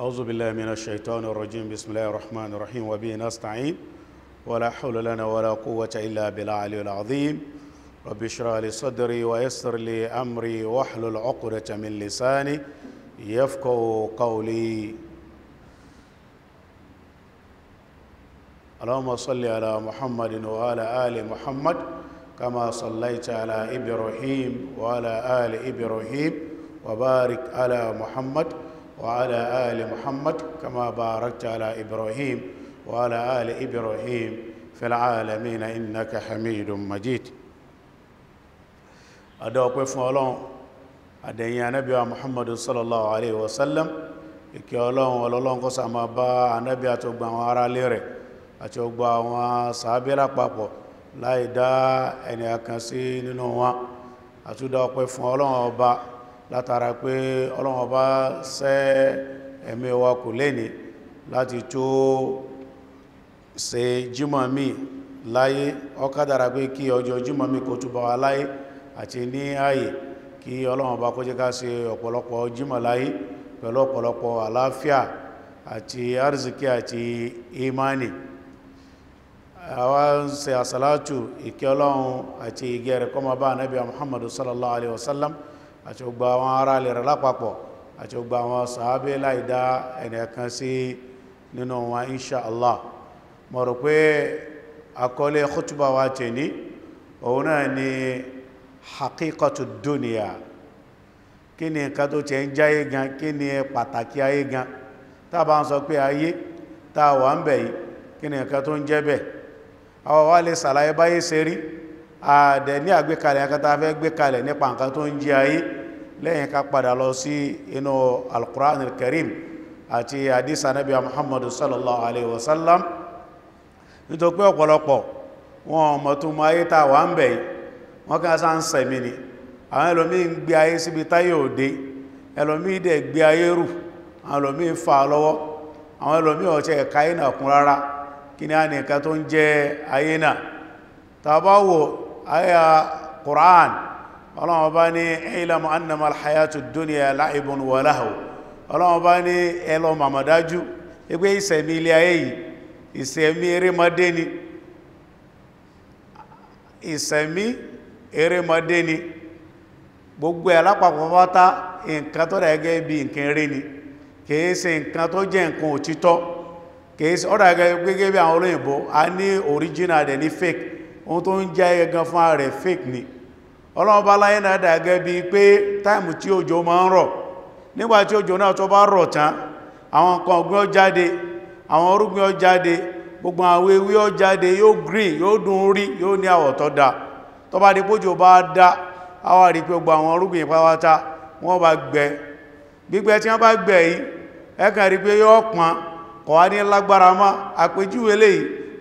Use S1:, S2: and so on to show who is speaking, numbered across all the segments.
S1: أعوذ بالله من الشيطان الرجيم بسم الله الرحمن الرحيم وبه نستعين ولا حول لنا ولا قوة إلا بالعلي العظيم رب اشرح لي صدري ويسر لي أمري واحلل عقدة من لساني يفقه قولي اللهم صل على محمد وعلى آل محمد كما صليت على إبراهيم وعلى آل إبراهيم وبارك على محمد وعلى آل محمد كما باركت على إبراهيم وعلى آل إبراهيم في العالمين إنك حميد مجيد أدوك فولون أدين نبي محمد صلى الله عليه وسلم ìkẹ́ ọlọ́run ọlọ́run kó sàmà bá ànábì àti ogbà àwọn ará lé rẹ̀ àti ogbà àwọn sàábé lápapọ̀ láì dá ẹni àkànsí nínú wọn àtúndà ọpẹ́ fún ọlọ́run ọba látara pé ọlọ́wọ́n bá sẹ́ ẹ̀mí wa kò lẹ́ni láti tó jimami jímọ̀ mi láyé ọkádàra pé kí ọjọ́ jímọ̀ mi kò túbọ̀ wá láyé àti ní ààyè kí ọlọ́wọ́n bá kó jẹ́ ká ṣe ọ̀pọ̀lọpọ̀ jímọ̀ láyé pẹ̀lú ọ̀pọ̀lọpọ̀ arziki àti imani àwa ń ṣe àsàlátù ìkẹ́ ọlọ́run àti ìgẹ́ rẹ̀ kọ́mọ bá anábíà muhammadu sallallahu alaihi wasallam àti gbogbo àwọn ará ilẹ̀ rẹ̀ lápapọ̀ àti gbogbo àwọn sàábé láìdá ẹnìkan sí nínú wọn insha Allah mo rò pé àkọlé khutba wa tèní òun náà ni hakikatu duniya kí ni nǹkan tó tẹ́ ń jáyé gan kí ni pàtàkì ayé gan tá bá ń sọ pé ayé tá wà ń bẹ̀ yìí kí ni nǹkan tó ń jẹ́ bẹ̀ àwọn wá lè sàlàyé báyé ṣe rí àdẹ̀ ní àgbékalẹ̀ akátá fẹ́ gbékalẹ̀ nípa nǹkan tó ń jí ayé lẹ́yìn ká padà lọ sí inú alkùránì karim àti àdísà nábi muhammadu sallallahu alaihi wasallam nítorí pé ọ̀pọ̀lọpọ̀ wọn mọ̀túnmọ̀ ayé tà wà ń bẹ̀ wọ́n ká sá ń sẹ̀mí ni àwọn ẹlòmí ń gbé ayé síbi táyé òde ẹlòmí dẹ̀ gbé ayé àyà قرآن ọlọ́wọ́ bá ní أنما الحياة الدنيا لعب وله wa lahu ọlọ́wọ́ ما مداجو يقول يسمي لي ìsẹ̀mí يسمي ayé yìí يسمي erémọdé ni ìsẹ̀mí erémọdé ni gbogbo alápapọ̀ pátá nǹkan tó dàgẹ́ bí nǹkan eré ni kìí ṣe nǹkan tó jẹ́ nǹkan òtítọ́ kìí ṣe ọ́dàgẹ́ gẹ́gẹ́ bí àwọn olóyìnbó a ní original dẹ̀ ní fake ohun tó ń jẹ́ ẹgan fún ààrẹ fake ni ọlọ́run bá láyé náà dàgẹ́ bí pé táìmù tí òjò máa ń rọ̀ nígbà tí òjò náà tó bá rọ̀ tán àwọn nǹkan ọ̀gbìn ó àwọn orúgbìn ó gbogbo àwọn ewé ó yóò green yóò dùn rí yóò ní àwọ̀ tó da tó bá di pójò bá dá a wá rí pé gbogbo àwọn orúgbìn pátá wọ́n bá gbẹ gbígbẹ tí wọ́n bá gbẹ yìí ẹ̀kàn rí pé yóò pọn kò ní lágbára mọ́ àpèjúwe léyìí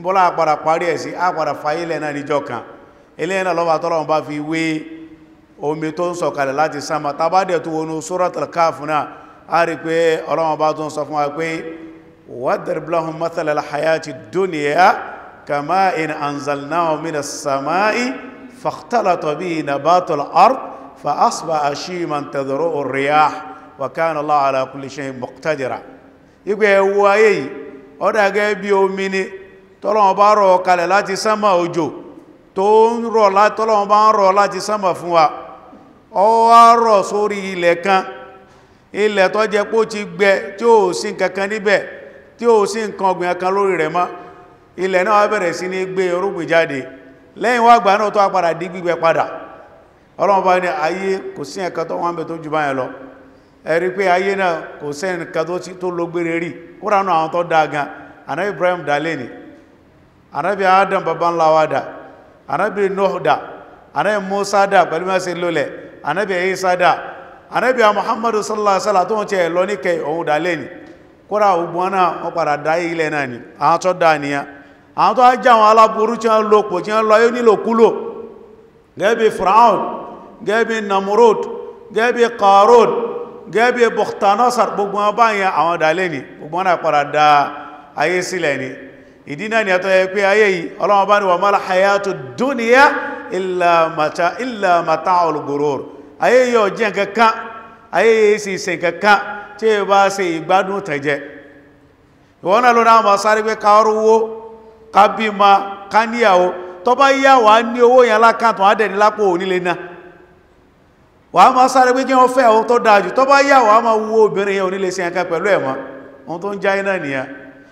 S1: mbola àpàdà parí ẹ̀ sí àpàdà fàílẹ̀ na níjọ́ kan ilé ẹ̀nà lọ́wà tọ́lọ̀ bá fi wé omi tó so kale láti sáma tàbádẹ̀ tu wọnú suratul Kahf náà a rí pé Ọlọ́run bá tó sọ fún wa pé wadrib lahum mathala al-hayati dunya in anzalnahu minas sama'i fakhtalata bihi nabatul ard fa asbaha hashiman tadru'u ar-riyah wa kana allah ala kulli shay'in muqtadira igbe ẹwọ ayé yìí ọdá gẹ́ bí omi ni tọ́lọ́wọ́n bá rọ̀ kalẹ̀ láti sánmà òjò tó ń rọ̀ tọ́lọ́wọ́n bá ń rọ̀ láti sánmà fún wa ó wá rọ̀ sórí ilẹ̀ kan ilẹ̀ tó jẹ pó ti gbẹ tí ó sí nkankan níbẹ̀ tí ó sí nkan ọgbìn kan lórí rẹ̀ mọ́ ilẹ̀ náà bẹ̀rẹ̀ sí ní gbé orúgbìn jáde lẹ́yìn wá gbà náà tó apadà dí gbígbẹ padà ọlọ́run bá ní ayé kò sí ẹ̀kan tó wọ́n bẹ̀ tó jù báyẹn lọ ẹ̀rí pé ayé náà kò sẹ́nìkan tó lógbére rí kúránù àwọn tó dáa gan àná Ibrahim dalé ni anabi adam baban lawa da anabi nuh da anabi musa da pẹ̀lú mẹ́sẹ̀ lólẹ̀ anabi isa da anabi muhammadu sallallahu alaihi wasallam tó ń tẹ́ lọ ke, kẹ òun dà lẹ́ni kóra ogun náà wọ́n padà dá ilẹ̀ náà ni àwọn tó dá nìyà àwọn tó ajá àwọn aláburú tí wọ́n lò pọ̀ tí wọ́n lọ yóò nílò kúlò namrud gẹ́bí Qarud, gẹ́bí bukhtanosar gbogbo wọn báyẹn àwọn dà lẹ́ni gbogbo wọn náà padà dá ayé ni ìdínà ni àtọ́ ẹgbẹ́ ayé yìí ọlọ́wọ́ bá ní wà mọ́lá hayatu dúnìyà ìlàmàtà olùgbòròrò ayé yíò jẹ́ kankan ayé yìí sì ṣe kankan tí ó bá ṣe ìgbádùn tẹ̀jẹ́ ìwọ́n náà lónà àwọn sáré pé káàrùwó kábímà káníyàwó tó bá yá wà ní owó yẹn lákàtún adẹ̀ni lápò onílé náà wà á máa sáré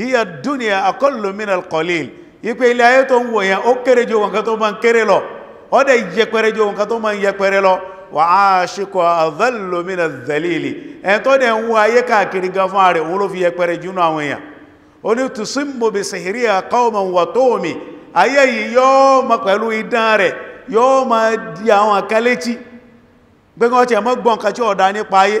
S1: hiya dunya aqallu min al-qalil ipe ilé ayé tó ń wò yẹn ó kéré jù wọn kan tó máa ń kéré lọ ó dẹ̀ yẹpẹrẹ jù wọn kan tó máa ń yẹpẹrẹ lọ wa 'ashiqu adhallu min adh-dhalili ẹn tó dẹ̀ ń wo ayé káàkiri gan fún ààrẹ òun ló fi yẹpẹrẹ jù àwọn èèyàn ó ní tusimmu bi sihriha qawman wa tu'mi ayé yìí yóò ma pẹ̀lú idán rẹ̀ yóò ma di àwọn àkálẹ́tì gbẹ́gbọ́n ti ẹ̀mọ́ gbọ́n kan tí nípa ayé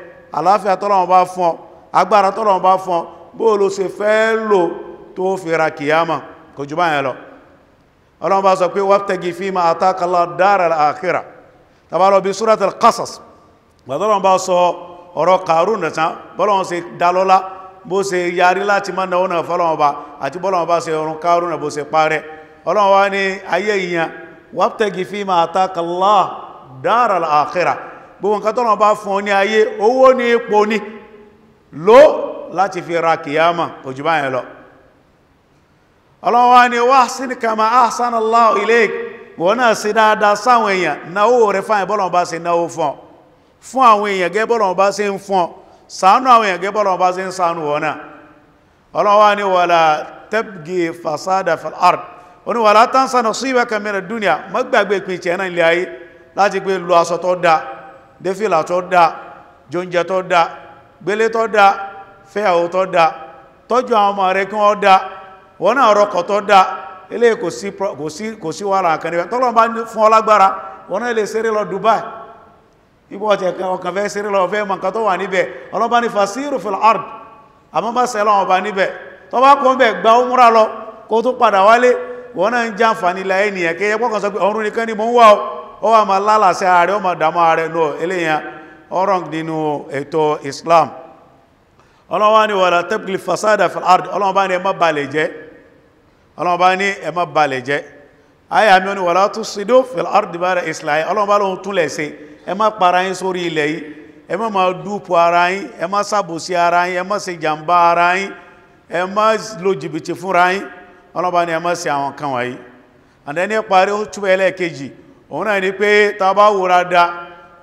S1: àláfíà tọ́lọ̀wọ̀n bá fún ọ agbára tọ́lọ̀wọ̀n bá fún ọ bóò ló ṣe fẹ́ lò tó fi ra kìyàmà kò jù báyẹn lọ ọlọ́run bá sọ pé wabtagi fima ataka Allah dara al-akhirah tàbálọ̀ bí surat al-qasas gbàtọ́lọ́run bá sọ ọ̀rọ̀ kàrún nìtàn bọ́lọ́run gbogbo nǹkan tọ́nà bá fún ọ ní ayé owó ní ipò ní ló láti fi ra kìyàmà òjú báyẹn lọ ọlọ́wọ́ ni wahsin kama ahsana Allahu ilayk wọ́n náà sí dáadáa sáwọn èèyàn náwó rẹ̀ fáyẹ̀ bọ́lọ̀ bá ṣe náwó fún fún àwọn èèyàn gẹ́ bọ́lọ̀ bá ṣe ń fún ṣàánú àwọn èèyàn gẹ́ bọ́lọ̀ bá ṣe ń ṣàánú wọn náà ọlọ́wọ́ ni wala tabgi fasada fil ard oní wala tansa nasibaka mina dunya má gbàgbé náà ilé ayé láti pé lu aṣọ tó dáa défìlà tó dá jóúnjẹ tó dá gbélé tó dá fẹ́yàwó tó dá tọ́jú àwọn ọmọ rẹ̀ kí wọ́n dá wọ́n náà rọkọ̀ tó dá ilé kò sí kò sí wàhálà kan níbẹ̀ tọ́lọ́ bá fún ọlágbára wọ́n náà lè ṣeré lọ Dubai ibò ọ̀tẹ̀ ọkàn fẹ́ ṣeré lọ fẹ́ mọ̀ nǹkan tó wà níbẹ̀ ọlọ́bá ní fasiru fil ard àmọ́ bá sẹ́lọ́ ọba níbẹ̀ tọ́ bá kọ́ bẹ̀ gba ó múra lọ kó tó padà wálé wọ́n náà ń jàǹfà nílà ẹnìyàn kéyẹ pọ́kàn sọ pé ọ̀run nìkan ni mò ń wà ọ́ ó wà máa lálàsẹ́ ààrẹ ó máa dàmú ààrẹ náà eléyàn ọ̀rọ̀n nínú ètò Islam ọlọ́wọ́ ni wala tabghi fasada fil ard ọlọ́wọ́ bá ní ẹmọ́ balẹ̀ jẹ́ ọlọ́wọ́ bá ní ẹmọ́ balẹ̀ jẹ́ ayà mi ni wala tusidu fil ard ba'da islahiha ọlọ́wọ́ bá lóhun túnlẹ̀ sí ẹmọ́ para yín sórí ilẹ̀ yìí ẹmọ́ máa dúpọ̀ ara yín ẹmọ́ sàbòsí parí ó túbẹ̀ ẹlẹ́ẹ̀kejì òun náà ni pé tàbá wòrà dá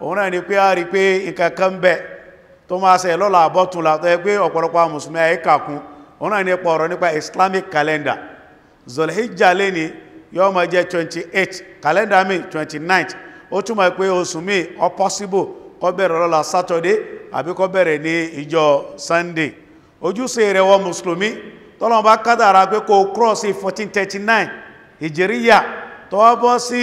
S1: òun náà ni pé a rí pé nkankan bẹ̀ tó máa ṣe lọ́la àbọ́túnla tó yẹ ọ̀pọ̀lọpọ̀ mùsùlùmí àyíkàkún òun ni pọ̀ ọ̀rọ̀ nípa islamic calendar zolhijjah lè ní yóò jẹ́ 28 calendar mi 29 ó túnmọ̀ pé oṣù mi ó possible kó bẹ̀rẹ̀ saturday àbí kó bẹ̀rẹ̀ ní ìjọ 1439 ìjìríyà sí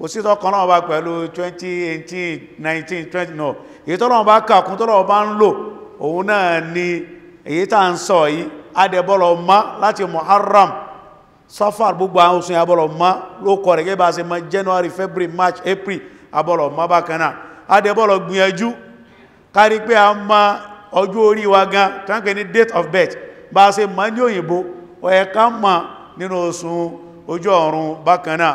S1: kò sí tọ́kàn náà bá pẹ̀lú 2018 19 20 no èyí tọ́lọ́wọ́ bá kàkún tọ́lọ́wọ́ bá ń lò òun náà ni èyí tà ń sọ yìí adẹ̀bọ́lọ̀ ma láti Muharram Safar gbogbo àwọn oṣù abọ́lọ̀ ma ló kọ̀ rẹ̀ gẹ́bà sí ma January February March April abọ́lọ̀ ma bákaná adẹ̀bọ́lọ̀ gbìyànjú kárí pé a ma ọjọ́ orí wa gan tánkẹ́ ní date of birth bá sí ma ní òyìnbó ọ̀ẹ̀ká ma nínú oṣù ojú ọ̀run bákanáà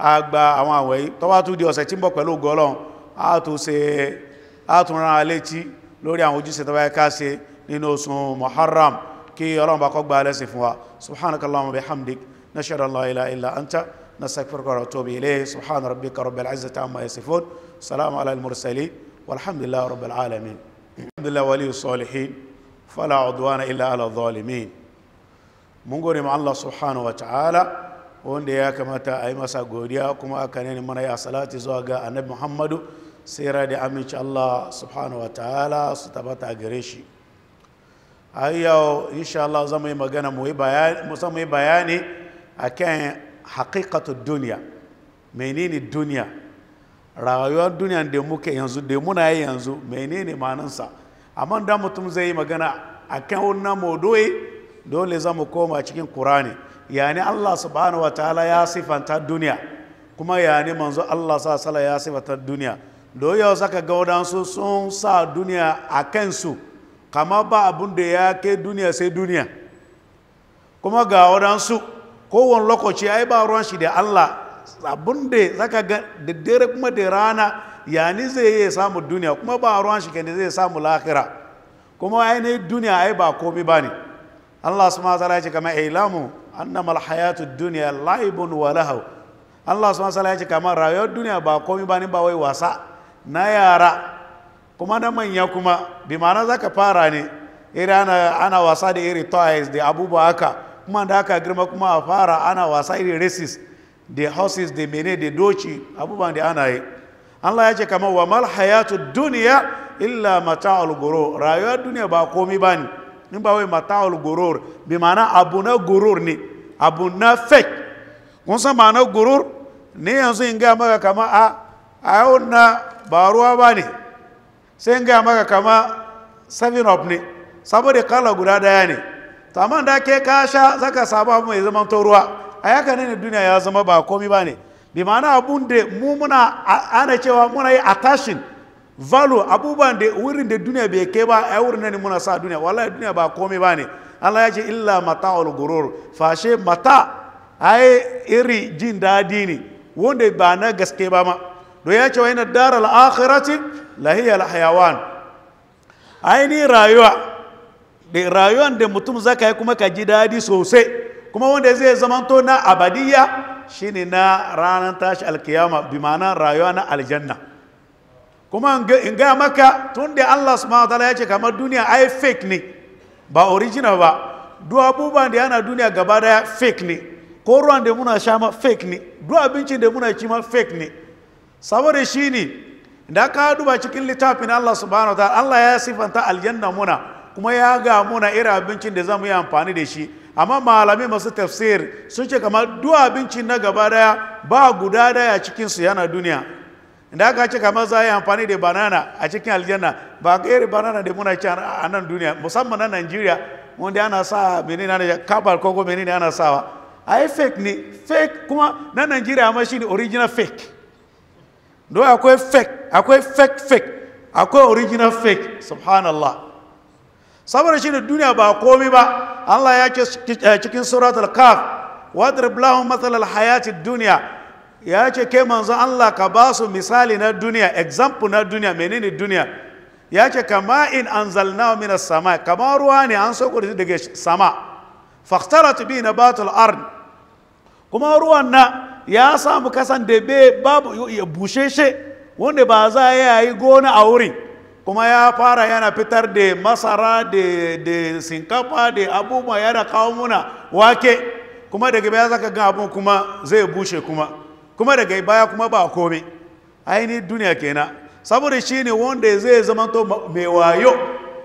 S1: agba gba àwọn àwẹ̀ tó wá tu di ọ̀sẹ̀ tí ń bọ̀ pẹ̀lú olorun a tún ṣe a tún rán alétí lórí àwọn ojúṣe tó bá ká ṣe nínú osun muharram kí ọlọ́run bá kó gba alẹ́sìn fún wa subhanak allahumma bihamdik nashhadu an la ilaha illa anta nastaghfiruka wa natubu ilayk subhana rabbika rabbil izzati amma yasifun salamu ala al-mursalin walhamdulillahi rabbil alamin alhamdulillahi waliyus salihin fala udwana illa ala adh-dhalimin mun gode ma Allah subhanahu wa ta'ala wanda ya kamata a yi masa godiya kuma aka ne mana ya salati zuwa ga annabi muhammadu ra da aminci allah subhanahu wa ta'ala su tabbata a gare shi a yau insha allah zama yi magana mu yi bayani a kan haƙiƙatu duniya menene duniya rayuwar duniya da muke yanzu da muna yi yanzu menene manansa amma da mutum zai yi magana a kan wannan maudu'i dole za mu koma cikin kurani yani Allah subhanahu wataala ya sifanta duniya kuma yani manzo Allah sa sala ya sifanta duniya do yau saka ga wadansu sun sa duniya a kansu kama ba abun da ya ke duniya sai duniya kuma ga wadansu kowane lokaci ai ba ruwan shi da Allah abun da zaka ga da dare kuma da rana yani zai iya samu duniya kuma ba ruwan shi kenan zai samu lahira kuma ainihin duniya ai ba komi ba ne Allah subhanahu wataala ya ce kama ilamu annamal alhayatu dunya laibun wa lahu Allah subhanahu wa ta'ala ce kamar rayuwar duniya ba komai ba ne ba wai wasa na yara kuma na manya kuma bi ma'ana zaka fara ne iri ana, ana wasa da iri toys da abubuwa haka kuma da aka girma kuma a fara ana wasa iri races da horses da mene da doci abubuwa da ana yi Allah ya ce kamar wa mal hayatu dunya illa mata'ul gurur rayuwar duniya ba komai ba ne in ba wai mata'ul gurur bi ma'ana abu na gurur ne abu na fek kun san ma'anar gurur ne yanzu in gaya maka kama a a yau na baruwa ba ne sai in gaya maka kama seven up ne saboda kala guda daya ne ta man da ke ka sha zaka sabu abu mai zama ruwa a yaka ne duniya ya zama ba komi ba ne bi ma'ana abun da mu muna ana cewa muna yi attaching value abubuwan da wurin da duniya bai ke ba a wurin ne muna sa duniya wallahi duniya ba komi ba ne Allah ya ce illa mata gurur fashe mata ai iri jin daɗi ne wanda ba na gaske ba ma don ya ce wa yana dara al'akhirati lahiyar hayawan aini rayuwa da rayuwan da mutum zaka yi kuma ka ji dadi sosai kuma wanda zai zamanto na abadiyya shine na ranar tashi alkiyama bi ma'ana rayuwa na aljanna kuma in ga maka tun da allah subhanahu wa ya ce kamar duniya ai fake ne ba original ba duk abubuwan da yana duniya gaba daya fake ne ko ruwan da muna sha ma fake ne duk abincin da muna ci ma fake ne saboda shi ne da ka duba cikin littafin Allah subhanahu ta'ala Allah ya sifanta aljanna muna kuma ya ga muna irin abincin da zamu yi amfani da shi amma malamai masu tafsir sun ce kamar duk abincin na gaba daya ba guda daya cikin su yana duniya da aka ce kamar za a yi amfani da banana a cikin aljanna ba ka yi banana da muna ci a nan duniya musamman na nigeria wanda ana sa menene ana kabar koko menene ana sawa a yi fake ne fake kuma na nigeria amma shi ne original fake don akwai fake akwai fake fake akwai original fake subhanallah saboda shi ne duniya ba komi ba allah ya ce cikin suratul kaf wadrib lahum matsalar hayati duniya ya ce ke manzon Allah ka ba su misali na duniya example na duniya menene duniya ya ce kama in anzalna min sama kama ruwa ne an sauko da daga sama fakhtarat bi na batul ard kuma ruwan na ya samu kasan da be babu ya busheshe wanda ba za ya yi gona a wuri kuma ya fara yana fitar da masara da sinkafa da abubuwa yana kawo muna wake kuma daga baya zaka ga abun kuma zai bushe kuma kuma daga baya kuma ba kome ainihin duniya kenan saboda shi ne wanda zai zama to mai wayo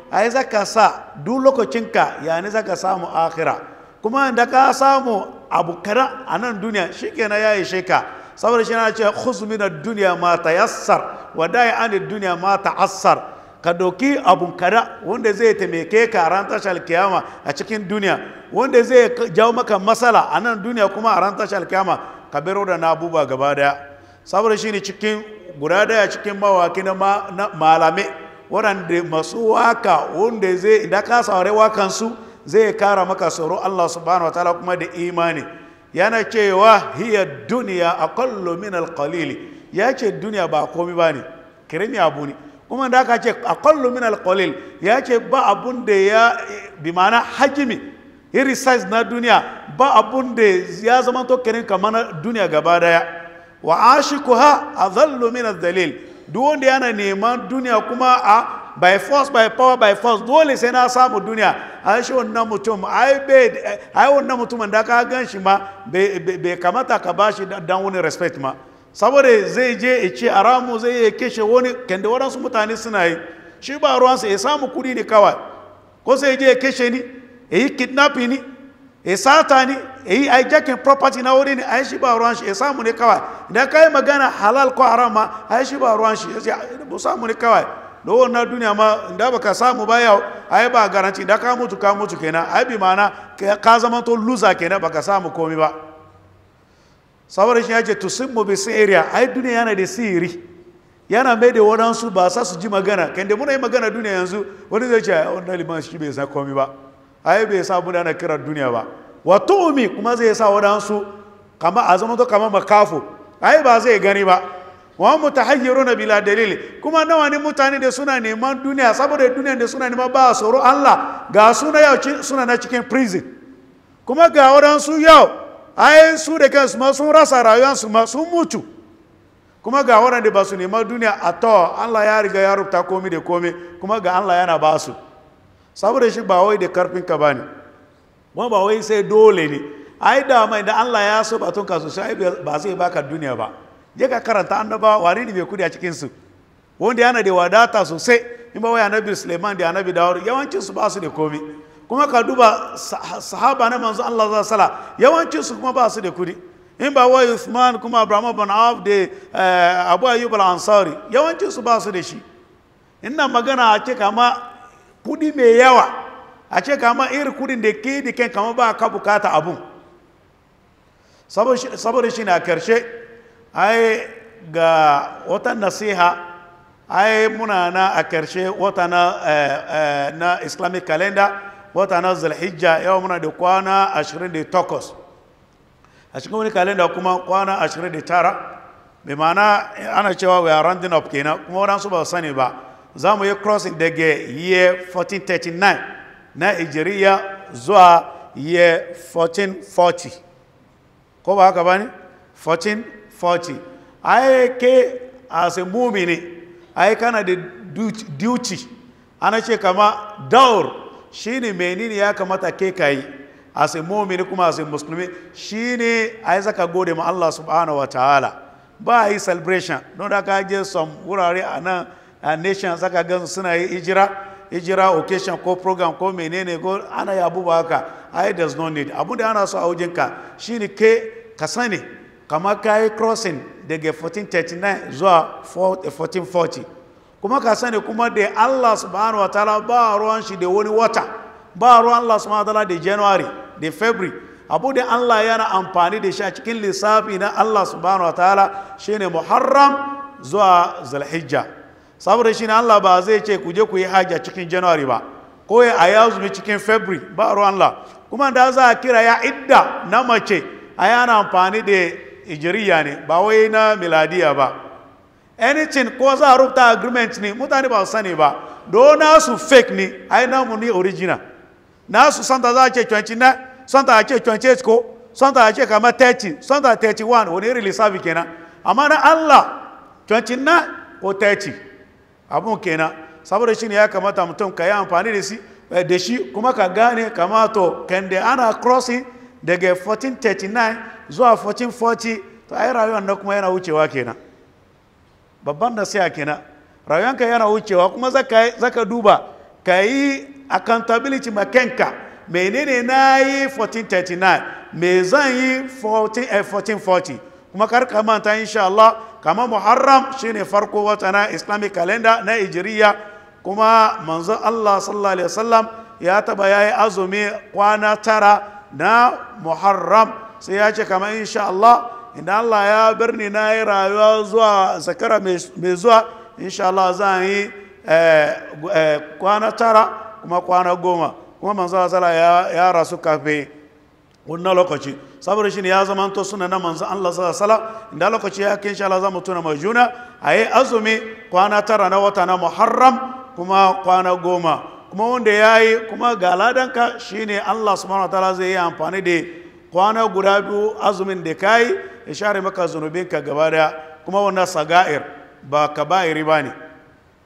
S1: a za ka sa duk lokacinka yani za ka samu akira kuma da ka samu abu karan a nan duniya shi kenan ya ishe ka saboda shi na cewa husmina duniya ma ta yassar wadai an duniya ma ta assar ka doki abu kada wanda zai taimake ka a ran tashar kiyama a cikin duniya wanda zai jawo maka matsala a nan duniya kuma a ran tashar kiyama kabiru da na buba gaba daya saboda shi ne cikin guda daya cikin mawaki na malame waɗanda masu waka wanda zai idan ka saurari wakansu zai kara maka tsoro Allah subhanahu wataala kuma da imani yana cewa hiya duniya aqallu min alqalil ya ce duniya ba komi ba ne kirimi abu ne kuma da aka ce aqallu min alqalil ya ce ba abun da ya bi ma'ana hajimi resize na duniya ba abun da ya zama to kenan kamar na duniya gaba daya wa ashikuha azallu min dalil duk wanda yana neman duniya kuma a by force by power by force dole sai na samu duniya a shi wannan mutum ai wannan mutum da ka gan shi ma bai kamata ka bashi shi dan wani respect ma saboda zai je ya ce a ramu zai ya keshe wani kende waɗansu mutane suna yi shi ba ruwansa ya samu kuɗi ne kawai ko sai ya je ya keshe ni èyí kidnapping ni e sata eyi e hijacking property na wuri ne a shi ba ruwan shi ya e samu ne kawai idan ka yi magana halal ko haram ma a shi ba ruwan shi ya samu ne kawai da wannan duniya ma da baka samu ba yau ai ba garanti da ka mutu ka mutu kenan ai bi mana ka zama to loser kenan baka samu komi ba saboda shi yace tusimmu bi a ai duniya yana da siri yana mai da wadansu ba sa su ji magana kan da muna yi magana duniya yanzu wani zai ce wani liman shi bai sa komi ba ai bai sa muna na kiran duniya ba wa tu'mi kuma zai sa wadansu kama a to kama makafu ai ba zai gani ba wa mutahayyiruna bila dalil kuma nawa ne mutane da suna neman duniya saboda duniya da suna neman ba soro Allah ga suna yau suna na cikin prison kuma ga wadansu yau ai su da kansu ma sun rasa rayuwarsu ma sun mutu kuma ga wadanda ba su neman duniya a to Allah ya riga ya rubuta komai da komai kuma ga Allah yana ba su saboda shi ba wai da karfinka ba ne kuma ba wai sai dole ne yi da mai da Allah ya so ba tun kasu sai ba zai baka duniya ba je ka karanta annabawa wani ne mai kudi a cikin su wanda yana da wadata sosai in ba wai annabi Suleiman da annabi Dawud yawancin su ba su da komi kuma ka duba sahaba na manzo Allah za sala yawancin su kuma ba su da kudi in ba wai usman kuma Abraham bin Auf da eh, Abu Ayyub ansari yawancin su ba su da shi ina magana a ce kama kudi mai yawa a ce kama irin kudin da ke da kyan kama ba ka bukata abun saboda shi na karshe ai ga wata nasiha ai muna na a karshe wata na, eh, eh, na islamic calendar wata na zulhijja yawa muna da kwana 28 a cikin wani calendar kuma kwana 29 bai ma'ana ana cewa we are rounding up kenan kuma wadansu ba sani ba za mu yi crossing daga year 1439 na ijiriya zuwa year 1440 ko ba haka ba ne 1440 ai ke a mumi ne ai kana da duci ana ce kama daur shi ne menene ya kamata ke kayi a mumi ne kuma a musulmi a yi zaka gode ma Allah subhanahu wa ta'ala ba a yi celebration don da ka je some wurare a nan nations aka gan suna yi ijira ijira occasion ko program ko menene ko ana yi abubuwa haka i does not need abu da ana so a wajenka shine ke ka sani kama ka yi crossing daga 1439 zuwa 1440 eh, kuma ka sani kuma da allah subhanahu wa ta'ala ba ruwan shi da wani wata ba ruwan allah subhanahu wa ta'ala da january da february abu da allah yana amfani da shi a cikin lissafi na allah subhanahu wa ta'ala shine muharram zuwa zulhijja saboda shi na Allah ba zai ce ku je ku yi hajja cikin January ba ko ya a yazumi cikin February ba ruwan Allah kuma da za a kira ya idda na mace a yana amfani da ijiriya ne ba wai na miladiya ba anything ko za a rubuta agreement ne mutane ba su sani ba do nasu fake ne ai namu ni original nasu santa za a ce 29 santa a ce 28 ko santa a ce kama 30 santa 31 wani iri lissafi kenan amma na Allah 29 ko 30 abun kenan saboda shi ne ya kamata mutum ka yi amfani da shi eh, da shi kuma ka gane kamato kende ana crossing daga 1439 zuwa 1440 to ai rayuwar na kuma yana wucewa kenan babban nasiha kenan ka yana wucewa kuma zaka duba ka yi accountability makenka menene na yi 1439 me zan yi 1440 eh, kuma karka manta insha Allah kama muharram shine farko wata na islamic calendar na hijriya kuma manzo Allah sallallahu alaihi wasallam ya taba yayi azumi kwana tara na muharram sai ya ce kama insha Allah inda Allah ya birni na yi rayuwa zuwa zakara mai zuwa insha Allah za yi kwana tara kuma kwana goma kuma manzon Allah ya rasu kafin wannan lokaci saboda shi ne ya zama to suna na manzo Allah sallallahu alaihi wasallam inda lokaci ya kai insha Allah za mu tuna mai juna ayi azumi kwana tara na wata na Muharram kuma kwana goma kuma wanda yayi yi kuma ga ka shine Allah subhanahu ta'ala zai yi amfani da kwana guda biyu azumin da ka yi ya share maka ka gaba daya kuma wannan saga'ir ba kaba'iri ba ne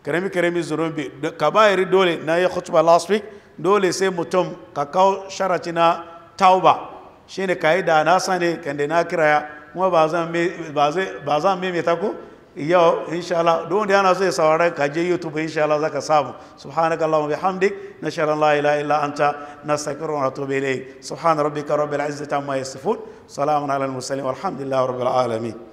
S1: karami karami zunubi kaba'iri dole na yi khutba last week dole sai mutum ka kawo sharaci na tauba shine kaida na sane kande na kiraya kuma ba zan ba zan maimaita ko yau insha Allah don da yana so ya saurara ka je YouTube insha Allah zaka samu subhanaka allahumma bihamdik nashara la ilaha illa anta nastaghfiru wa natubu ilayk subhan rabbika rabbil izzati amma yasifun salamun alal mursalin walhamdulillahi rabbil alamin